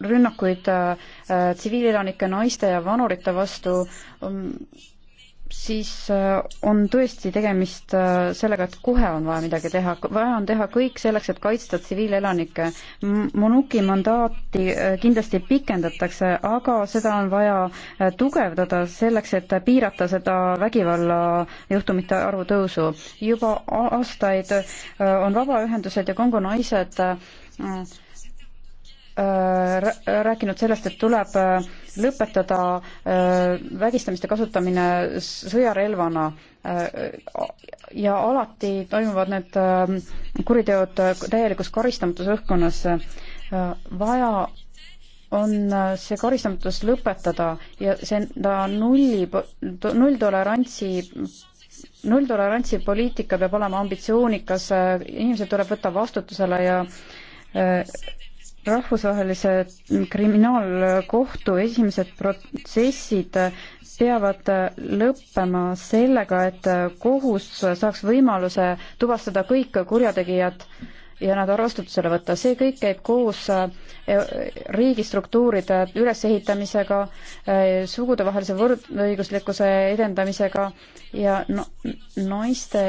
[SPEAKER 3] rünnakuid tsiviilelanike, naiste ja vanurite vastu, mm, siis äh, on tõesti tegemist äh, sellega, et kohe on vaja midagi teha, vaja on teha kõik selleks, et kaitsta tsiviilelanikke. Monuki mandaati äh, kindlasti pikendatakse, aga seda on vaja tugevdada selleks, et piirata seda vägivallajuhtumite arvu tõusu. juba aastaid on vabaühendused ja Kongo naised rääkinud sellest, et tuleb lõpetada äh, vägistamiste kasutamine sõjarelvana äh, ja alati toimuvad need äh, kuriteod täielikus karistamatus õhkkonnas. vaja on see karistamatus lõpetada ja seda nulli, nulltolerantsi nulltolerantsi poliitika peab olema ambitsioonikas, inimesed tuleb võtta vastutusele ja rahvusvahelise kriminaalkohtu esimesed protsessid peavad lõppema sellega, et kohus saaks võimaluse tuvastada kõik kurjategijad ja nad vastutusele võtta. see kõik käib koos e, riigistruktuuride ülesehitamisega, e, sugudevahelise võrdõiguslikkuse edendamisega ja no, naiste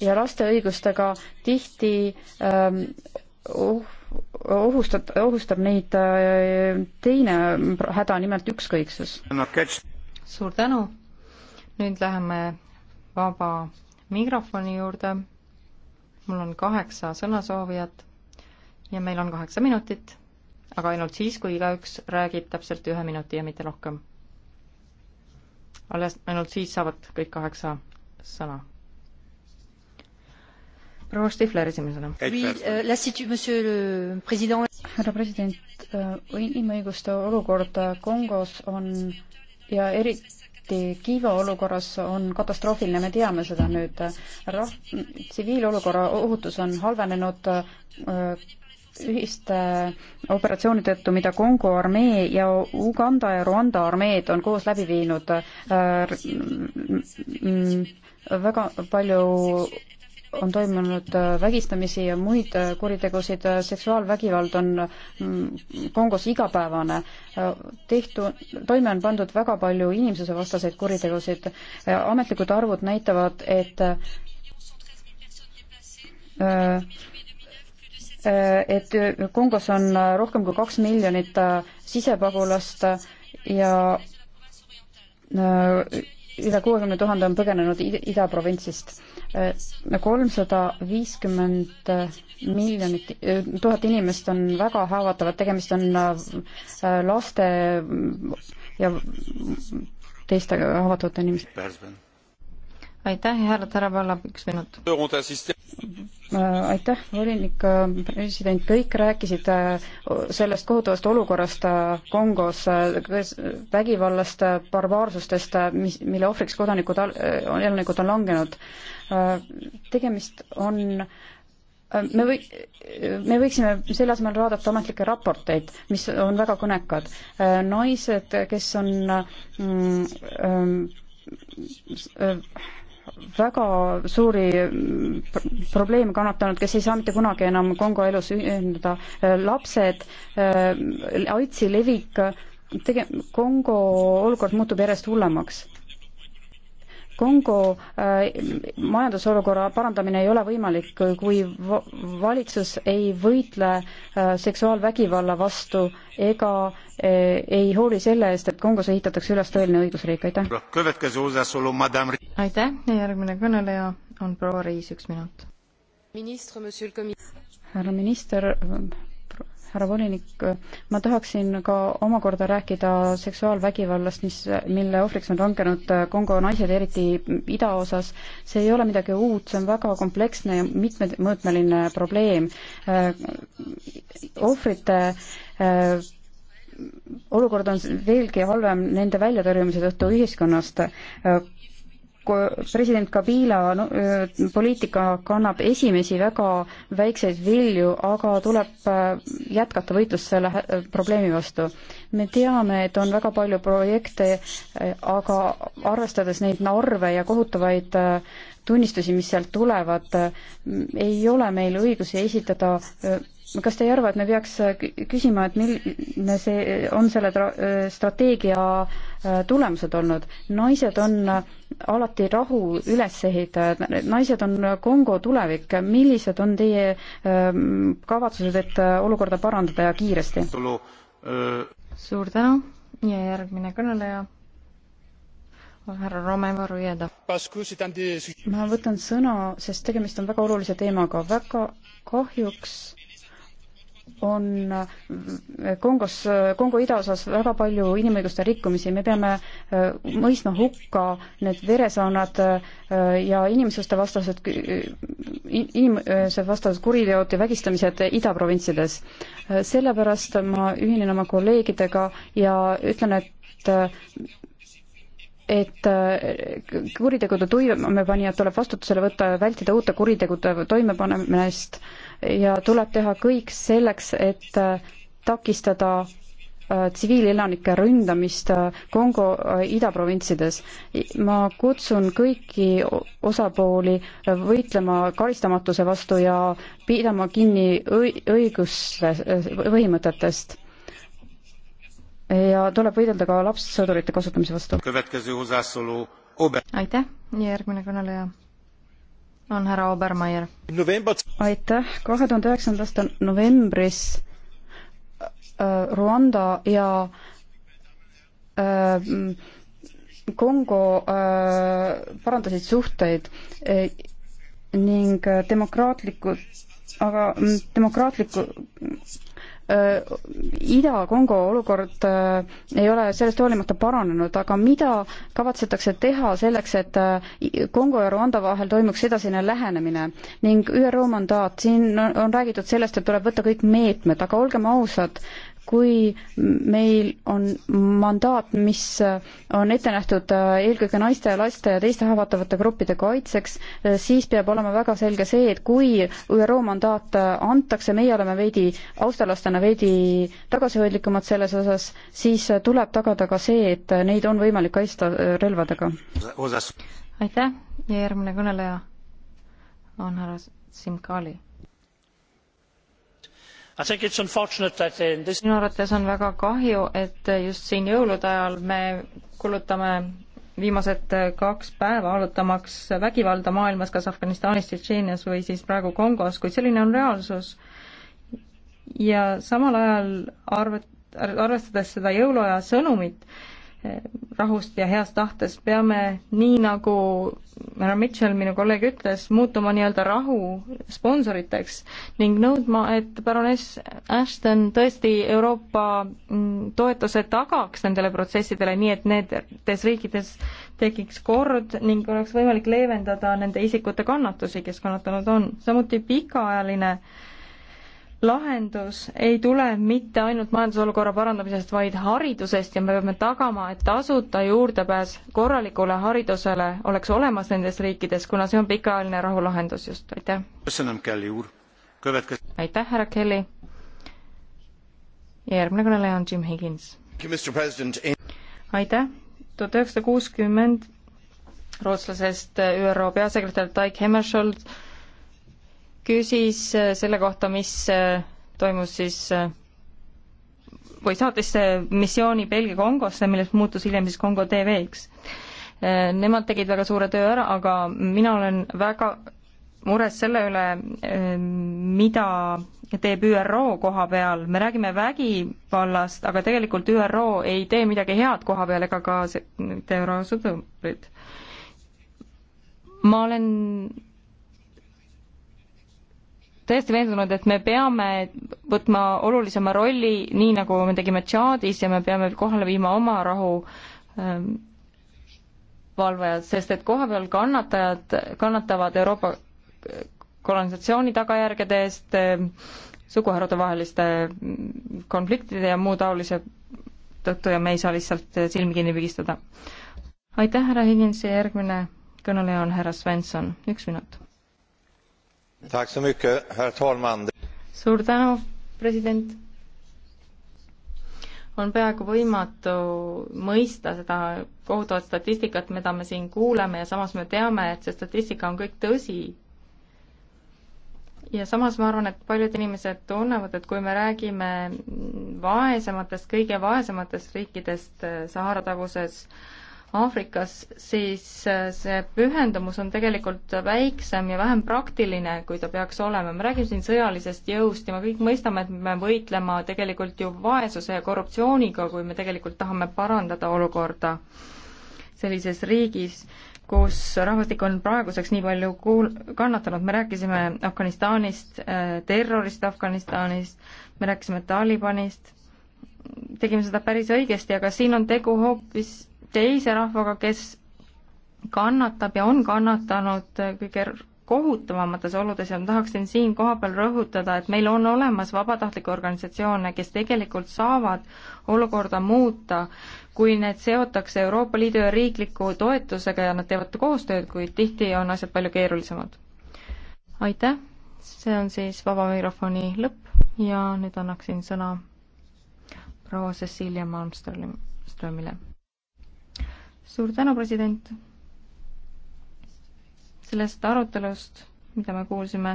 [SPEAKER 3] ja laste õigustega tihti öö, e, um, oh, ohustab, ohustab neid äh, teine häda, nimelt ükskõiksus. suur tänu. nüüd läheme vaba
[SPEAKER 1] mikrofoni juurde. mul on kaheksa sõnasoovijat ja meil on kaheksa minutit, aga ainult siis, kui igaüks räägib täpselt ühe minuti ja mitte rohkem. alles, ainult siis saavad kõik kaheksa sõna proua Stifler esimesena.
[SPEAKER 2] Euh,
[SPEAKER 3] härra president, äh, inimõiguste olukord Kongos on ja eriti eriti Kiiva olukorras on katastroofiline, me teame seda nüüd. rah-, tsiviilolukorra ohutus on halvenenud äh, ühiste operatsiooni tõttu, mida Kongo armee ja Uganda ja Rwanda armeed on koos läbi viinud äh, väga palju on toimunud äh, vägistamisi ja muid äh, kuritegusid, äh, seksuaalvägivald on mm, Kongos igapäevane. tehtu, toime on pandud väga palju inimsusevastaseid kuritegusid. ametlikud arvud näitavad, et et Kongos on rohkem kui kaks miljonit sisepagulast ja üle kuuekümne tuhande on põgenenud ida provintsist Äh, kolmsada viiskümmend miljonit, äh, tuhat inimest on väga haavatavad, tegemist on äh, laste ja teiste haavatavate inimestega. aitäh, härra Taraballa, üks minut aitäh, volinik, president, kõik rääkisid äh, sellest kohutavast olukorrast äh, Kongos, äh, vägivallast, barbaarsustest, mis, mille ohvriks kodanikud, elanikud on langenud. tegemist on me või-, me võiksime selle asemel vaadata ametlikke raporteid, mis on väga kõnekad. naised, kes on mm, mm, väga suuri probleeme kannatanud, kes ei saa mitte kunagi enam Kongo elus ühendada, lapsed, äh, AIDSi levik, tege-, Kongo olukord muutub järjest hullemaks Kongo äh, majandusolukorra parandamine ei ole võimalik, kui valitsus ei võitle äh, seksuaalvägivalla vastu ega äh, ei hooli selle eest, et Kongos ehitatakse üles tõeline õigusriik,
[SPEAKER 1] aitäh!
[SPEAKER 3] aitäh ja järgmine kõneleja on proua Riis, üks minut. härra minister, härra volinik, ma tahaksin ka omakorda rääkida seksuaalvägivallast, mis, mille ohvriks on langenud Kongo naised, eriti idaosas. see ei ole midagi uut, see on väga kompleksne ja mitmemõõtmeline probleem. ohvrite olukord on veelgi halvem nende väljatõrjumise tõttu ühiskonnast president Kabila no, poliitika kannab esimesi väga väikseid vilju, aga tuleb äh, jätkata võitlust selle probleemi vastu. me teame, et on väga palju projekte, äh, aga arvestades neid narve ja kohutavaid äh, tunnistusi, mis sealt tulevad, ei ole meil õigusi esitada kas te ei arva, et me peaks äh, küsima, et milline see on selle äh, strateegia äh, tulemused olnud? naised on alati rahu ülesehitajad, naised on Kongo tulevik, millised on teie ähm, kavatsused, et olukorda parandada ja kiiresti? suur tänu ja järgmine kõneleja
[SPEAKER 1] härra Romevaru jääda.
[SPEAKER 3] ma võtan sõna, sest tegemist on väga olulise teemaga, väga kahjuks on Kongos, Kongo idaosas väga palju inimõiguste rikkumisi, me peame äh, mõistma hukka need veresaunad äh, ja inimsuste vastased, äh, inimese vastased kuriteod ja vägistamised idaprovintsides. sellepärast ma ühinen oma kolleegidega ja ütlen, et et äh, kuritegude toimepanijad tuleb vastutusele võtta ja vältida uute kuritegude toimepanemist ja tuleb teha kõik selleks, et äh, takistada äh, tsiviilelanike ründamist Kongo idaprovintsides. ma kutsun kõiki osapooli võitlema karistamatuse vastu ja pidama kinni õiguse põhimõtetest ja tuleb võidelda ka lapssõdurite kasutamise
[SPEAKER 1] vastu.
[SPEAKER 3] aitäh, järgmine kõneleja on härra Obermeier. aitäh, kahe tuhande üheksandast novembris äh, Rwanda ja äh, Kongo äh, parandasid suhteid äh, ning äh, demokraatlikud, aga mm, demokraatliku Äh, Ida-Kongo olukord äh, ei ole sellest hoolimata paranenud, aga mida kavatsetakse teha selleks, et äh, Kongo ja Rwanda vahel toimuks edasine lähenemine ning ÜRO mandaat, siin on räägitud sellest, et tuleb võtta kõik meetmed, aga olgem ausad, kui meil on mandaat, mis on ette nähtud äh, eelkõige naiste ja laste ja teiste haavatavate gruppide kaitseks, äh, siis peab olema väga selge see, et kui ÜRO mandaat äh, antakse, meie oleme veidi, austalastena veidi tagasihoidlikumad selles osas, siis tuleb tagada ka see, et neid on võimalik kaitsta relvadega. aitäh
[SPEAKER 1] ja järgmine kõneleja on härra Simkali
[SPEAKER 2] Uh, minu
[SPEAKER 1] arvates on väga kahju, et just siin jõulude ajal me kulutame viimased äh, kaks päeva arutamaks vägivalda maailmas, kas Afganistanis, Tšetšeenias või siis praegu Kongos, kuid selline on reaalsus. ja samal ajal arvet-, arvestades seda jõuluaja sõnumit, rahust ja heast tahtest, peame nii, nagu härra Mitchell, minu kolleeg, ütles, muutuma nii-öelda rahu sponsoriteks ning nõudma, et baroness Ashton tõesti Euroopa mm, toetuse tagaks nendele protsessidele, nii et nendes riikides tekiks kord ning oleks võimalik leevendada nende isikute kannatusi, kes kannatanud on. samuti pikaajaline äh, lahendus ei tule mitte ainult majandusolukorra parandamisest, vaid haridusest ja me peame tagama, et tasuta juurdepääs korralikule haridusele oleks olemas nendes riikides, kuna see on pikaajaline rahulahendus just, aitäh. aitäh, härra Kelly. ja järgmine kõneleja on Jim Higgins. aitäh, tuhat üheksasada kuuskümmend rootslasest ÜRO peasekretär Taik Hemmerschold küsis äh, selle kohta, mis äh, toimus siis äh, või saatis missiooni Belgia Kongosse, millest muutus hiljem siis Kongo TV-ks. Nemad tegid väga suure töö ära, aga mina olen väga mures selle üle, mida teeb ÜRO koha peal, me räägime vägivallast, aga tegelikult ÜRO ei tee midagi head koha peal ega ka ÜRO sõdurid. ma olen täiesti veendunud, et me peame võtma olulisema rolli, nii nagu me tegime Tšaadis ja me peame kohale viima oma rahu ähm, valvajad, sest et kohapeal kannatajad kannatavad Euroopa kolonisatsiooni tagajärgede eest ähm,, suguharudevaheliste mm, konfliktide ja muu taolise tõttu ja me ei saa lihtsalt äh, silmi kinni pigistada. aitäh, härra Higins ja järgmine kõneleja on härra Svensson, üks minut suur tänu, president. on peaaegu võimatu mõista seda kohutavat statistikat, mida me siin kuuleme ja samas me teame, et see statistika on kõik tõsi. ja samas ma arvan, et paljud inimesed tunnevad, et kui me räägime vaesematest, kõige vaesematest riikidest eh, Sahara taguses äh, Aafrikas, siis äh, see pühendumus on tegelikult väiksem ja vähem praktiline, kui ta peaks olema. me räägime siin sõjalisest jõust ja me kõik mõistame, et me peame võitlema tegelikult ju vaesuse ja korruptsiooniga, kui me tegelikult tahame parandada olukorda sellises riigis, kus rahvastik on praeguseks nii palju kuul-, kannatanud, me rääkisime Afganistanist, äh, terrorist Afganistanist, me rääkisime Talibanist, tegime seda päris õigesti, aga siin on tegu hoopis teise rahvaga, kes kannatab ja on kannatanud kõige kohutavamates oludes ja ma tahaksin siin kohapeal rõhutada, et meil on olemas vabatahtlikke organisatsioone, kes tegelikult saavad olukorda muuta, kui need seotakse Euroopa Liidu ja riikliku toetusega ja nad teevad koostööd, kuid tihti on asjad palju keerulisemad. aitäh, see on siis vaba mikrofoni lõpp ja nüüd annaksin sõna proua Cecilia Malmströmile suur tänu, president! sellest arutelust, mida me kuulsime,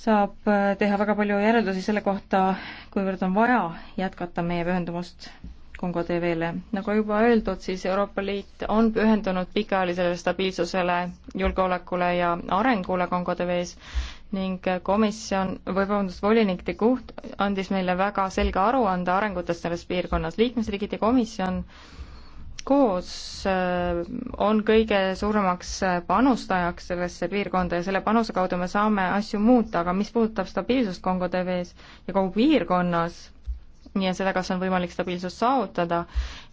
[SPEAKER 1] saab äh, teha väga palju järeldusi selle kohta, kuivõrd on vaja jätkata meie pühendumust Kongo TV-le. nagu juba öeldud, siis Euroopa Liit on pühendunud pikaajalisele stabiilsusele, julgeolekule ja arengule Kongo TV-s ning komisjon, või vabandust, volinik de Gucht andis meile väga selge aruande arengutest selles piirkonnas. liikmesriigid ja komisjon koos äh, on kõige suuremaks äh, panustajaks sellesse piirkonda ja selle panuse kaudu me saame asju muuta, aga mis puudutab stabiilsust Kongo TV-s ja kogu piirkonnas ja seda, kas on võimalik stabiilsust saavutada,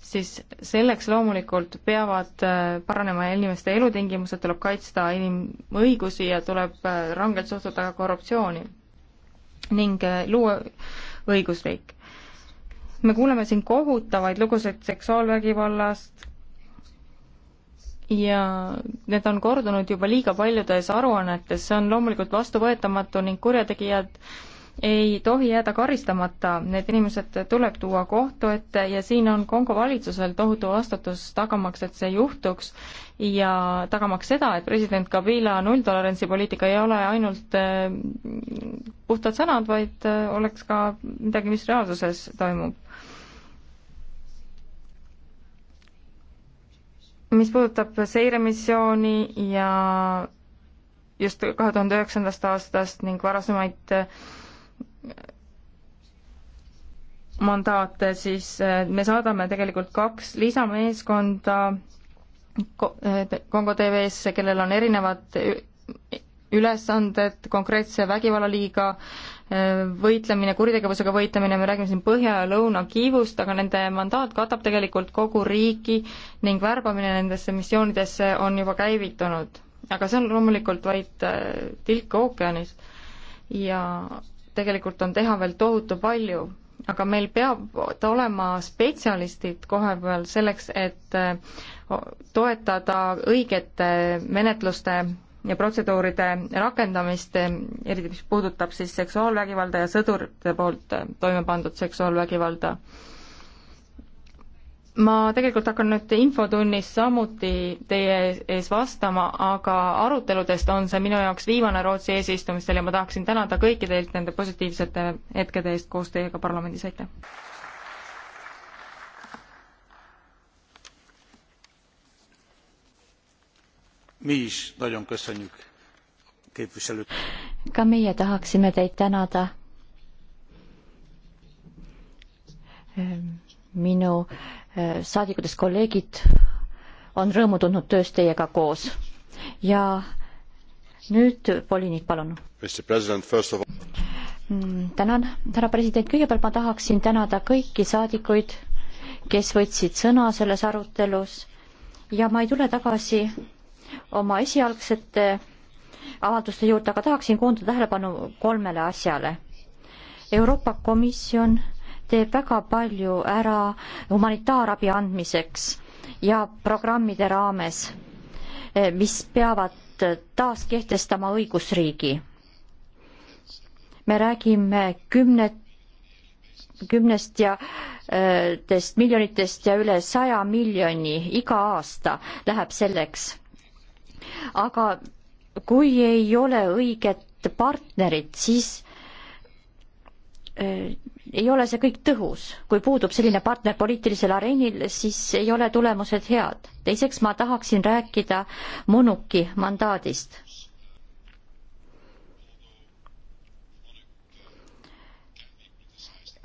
[SPEAKER 1] siis selleks loomulikult peavad äh, paranema inimeste elutingimused, tuleb kaitsta inimõigusi ja tuleb rangelt suhtuda korruptsiooni ning luua õigusriik me kuuleme siin kohutavaid lugusid seksuaalvägivallast ja need on kordunud juba liiga paljudes aruannetes, see on loomulikult vastuvõetamatu ning kurjategijad ei tohi jääda karistamata, need inimesed tuleb tuua kohtu ette ja siin on Kongo valitsusel tohutu vastutus tagamaks, et see juhtuks ja tagamaks seda, et president Kabila nulltolerantsi poliitika ei ole ainult eh, puhtad sõnad, vaid eh, oleks ka midagi, mis reaalsuses toimub mis puudutab seiremissiooni ja just kahe tuhande üheksandast aastast ning varasemaid äh, mandaate, siis äh, me saadame tegelikult kaks lisameeskonda äh, Kongo TV-sse, kellel on erinevad ülesanded konkreetse vägivallaliiga võitlemine, kuritegevusega võitlemine, me räägime siin põhja ja lõuna kiivust, aga nende mandaat katab tegelikult kogu riiki ning värbamine nendesse missioonidesse on juba käivitunud. aga see on loomulikult vaid äh, tilk ookeanis ja tegelikult on teha veel tohutu palju, aga meil peab ta olema spetsialistid koha peal selleks, et äh, toetada õigete menetluste ja protseduuride rakendamist, eriti mis puudutab siis seksuaalvägivalda ja sõdurite poolt toime pandud seksuaalvägivalda. ma tegelikult hakkan nüüd infotunnis samuti teie ees vastama, aga aruteludest on see minu jaoks viimane Rootsi eesistumistel ja ma tahaksin tänada kõiki teilt nende positiivsete hetkede eest koos teiega parlamendis, aitäh! mi is nagyon köszönjük képviselő.
[SPEAKER 2] ka meie tahaksime teid tänada. minu saadikutest kolleegid on rõõmu tundnud tööst teiega koos ja nüüd volinik, palun. Mm, tänan, härra president, kõigepealt ma tahaksin tänada kõiki saadikuid, kes võtsid sõna selles arutelus ja ma ei tule tagasi oma esialgsete avalduste juurde, aga tahaksin koondada tähelepanu kolmele asjale. Euroopa Komisjon teeb väga palju ära humanitaarabi andmiseks ja programmide raames, eh, mis peavad taaskehtestama õigusriigi. me räägime kümnet, kümnest ja eh, test miljonitest ja üle saja miljoni iga aasta läheb selleks aga kui ei ole õiget partnerit, siis äh, ei ole see kõik tõhus. kui puudub selline partner poliitilisel areenil, siis ei ole tulemused head. teiseks ma tahaksin rääkida Monuki mandaadist.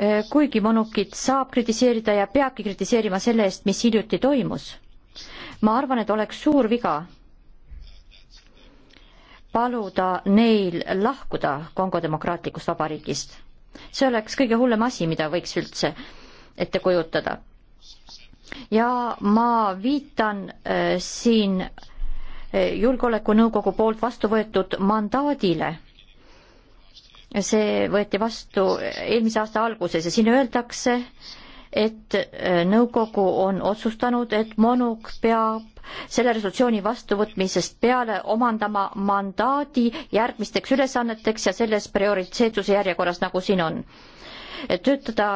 [SPEAKER 2] Äh, kuigi Monukit saab kritiseerida ja peabki kritiseerima selle eest, mis hiljuti toimus, ma arvan, et oleks suur viga paluda neil lahkuda Kongo demokraatlikust vabariigist. see oleks kõige hullem asi, mida võiks üldse ette kujutada. ja ma viitan äh, siin äh, julgeolekunõukogu poolt vastu võetud mandaadile. see võeti vastu eelmise aasta alguses ja siin öeldakse, et äh, nõukogu on otsustanud, et Monuk peab selle resolutsiooni vastuvõtmisest peale omandama mandaadi järgmisteks ülesanneteks ja selles prioriteetsuse järjekorras, nagu siin on. töötada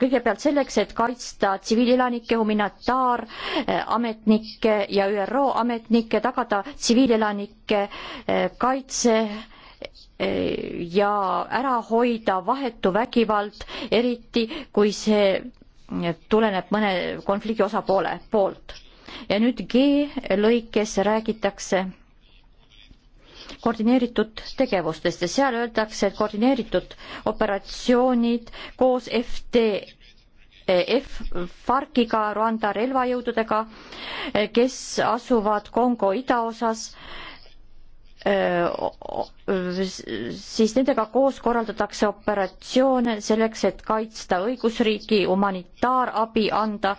[SPEAKER 2] kõigepealt selleks, et kaitsta tsiviilelanikke, humanitaarametnikke ja ÜRO ametnikke, tagada tsiviilelanike äh, kaitse ja ära hoida vahetu vägivald, eriti kui see tuleneb mõne konflikti osapoole poolt. ja nüüd G lõikes räägitakse koordineeritud tegevustest ja seal öeldakse, et koordineeritud operatsioonid koos FT F FARC-iga, Rwanda relvajõududega, kes asuvad Kongo idaosas äh, siis nendega koos korraldatakse operatsioone selleks, et kaitsta õigusriiki, humanitaarabi anda.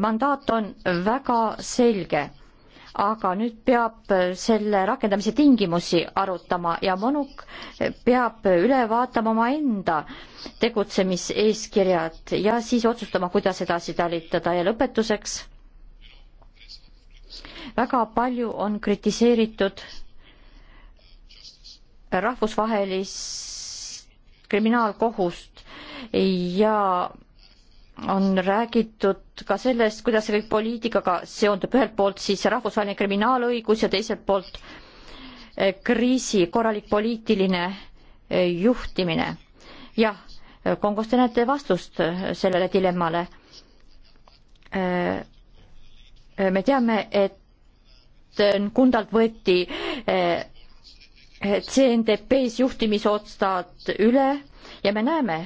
[SPEAKER 2] mandaat on väga selge, aga nüüd peab selle rakendamise tingimusi arutama ja Monuk peab üle vaatama omaenda tegutsemiseeskirjad ja siis otsustama, kuidas edasi talitada ja lõpetuseks väga palju on kritiseeritud rahvusvahelist kriminaalkohust ja on räägitud ka sellest, kuidas see kõik poliitikaga seondub, ühelt poolt siis rahvusvaheline kriminaalõigus ja teiselt poolt eh, kriisi korralik poliitiline eh, juhtimine. jah, Kongos te näete vastust eh, sellele dilemmale. me teame, et Kundalt äh, võeti äh, CNDP-s juhtimisotsad üle ja me näeme,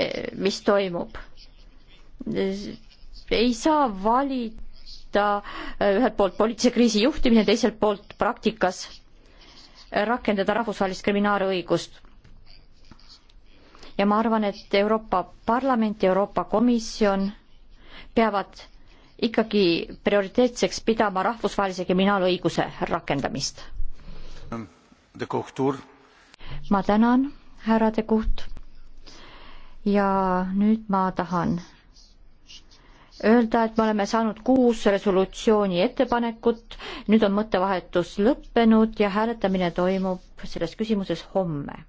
[SPEAKER 2] äh, mis toimub. ei saa valida ühelt poolt poliitilise kriisi juhtimine, teiselt poolt praktikas rakendada rahvusvahelist kriminaalõigust. ja ma arvan, et Euroopa Parlament ja Euroopa Komisjon peavad ikkagi prioriteetseks pidama rahvusvahelise kriminaalõiguse rakendamist. ma tänan, härra De Kuht. ja nüüd ma tahan öelda, et me oleme saanud kuus resolutsiooni ettepanekut, nüüd on mõttevahetus lõppenud ja hääletamine toimub selles küsimuses homme